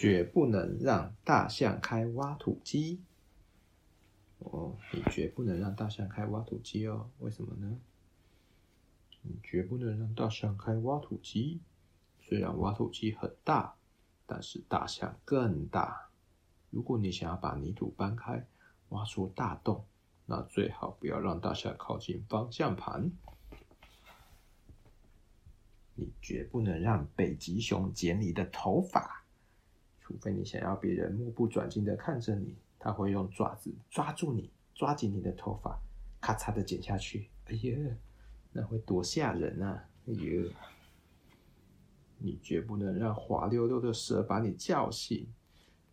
絕不能讓大象開挖土機哦！Oh, 你絕不能讓大象開挖土機哦，為什麼呢？你絕不能讓大象開挖土機，雖然挖土機很大，但是大象更大。如果你想要把泥土搬開、挖出大洞，那最好不要讓大象靠近方向盤。你絕不能讓北極熊剪你的頭髮。除非你想要別人目不轉睛的看着你，他會用爪子抓住你，抓緊你的頭髮，咔嚓的剪下去。哎呀，那會多嚇人啊！哎呦，你絕不能讓滑溜溜的蛇把你叫醒。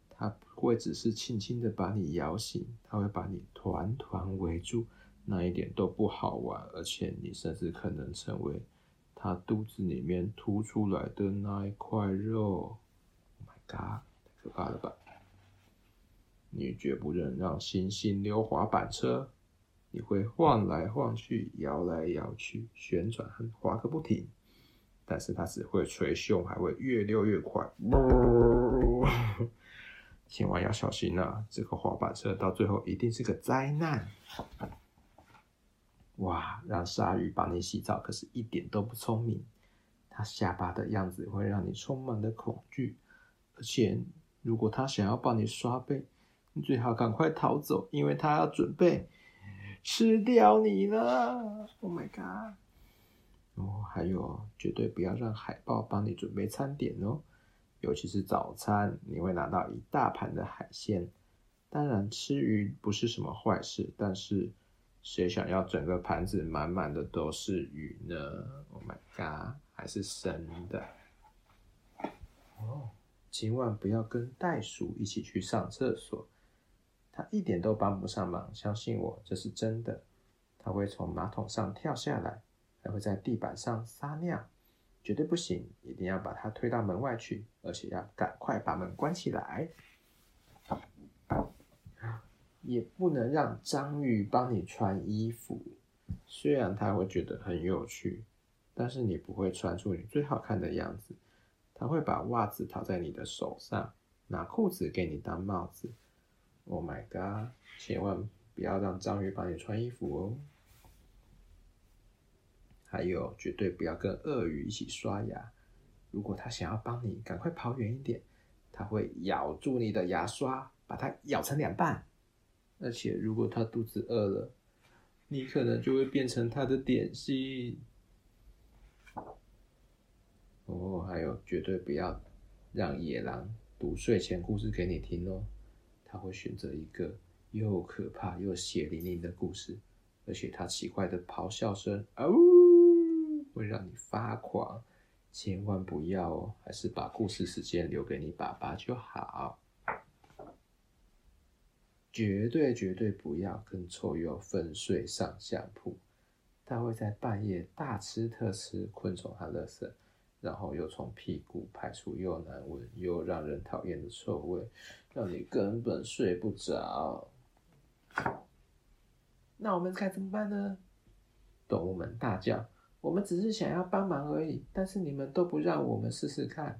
它不會只是輕輕的把你咬醒，它會把你團團圍住。那一點都不好玩，而且你甚至可能成為他肚子裡面凸出來的那一塊肉。Oh my god！你絕不能讓星星溜滑板車，你會晃來晃去、搖來搖去、旋轉很滑個不停。但是它只會捶胸，還會越溜越快。 千萬要小心了、啊，這個滑板車到最後一定是個災難。哇！讓鯊魚幫你洗澡，可是一點都不聰明。它下巴的樣子會讓你充滿了恐懼，而且。如果他想要幫你刷背，你最好趕快逃走，因為他要準備吃掉你了。Oh my god！哦，還有，絕對不要讓海豹幫你準備餐點哦，尤其是早餐，你會拿到一大盤的海鮮。當然，吃魚不是什麼壞事，但是誰想要整個盤子滿滿的都是魚呢？Oh my god！還是生的。千萬不要跟袋鼠一起去上廁所，它一點都幫不上忙，相信我，這是真的。它會從馬桶上跳下來，還會在地板上撒尿，絕對不行！一定要把它推到門外去，而且要趕快把門關起來。也不能讓章魚幫你穿衣服，雖然它會覺得很有趣，但是你不會穿出你最好看的樣子。他會把襪子套在你的手上，拿褲子給你當帽子。Oh my god！千萬不要讓章魚幫你穿衣服哦。還有，絕對不要跟鱷魚一起刷牙。如果他想要幫你，趕快跑遠一點。他會咬住你的牙刷，把它咬成兩半。而且，如果他肚子餓了，你可能就會變成他的點心。哦，還有絕對不要讓野狼讀睡前故事給你聽哦，他會選擇一個又可怕又血淋淋的故事，而且他奇怪的咆哮聲啊嗚，會讓你發狂，千萬不要哦，還是把故事時間留給你爸爸就好。絕對絕對不要跟臭鼬分睡上下鋪，他會在半夜大吃特吃昆蟲和垃圾。然後又從屁股排出又難聞又讓人討厭的臭味，讓你根本睡不着。 那我們該怎麼辦呢？動物們大叫：“我們只是想要幫忙而已，但是你們都不讓我們試試看。”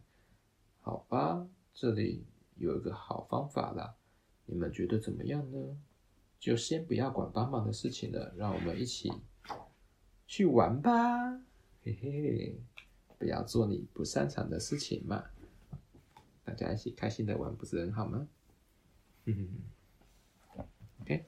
好吧，這裡有一個好方法了，你們覺得怎麼樣呢？就先不要管幫忙的事情了，讓我們一起去玩吧，嘿嘿。 不要做你不擅長的事情嘛，大家一起開心的玩不是很好嗎？嗯 ，OK。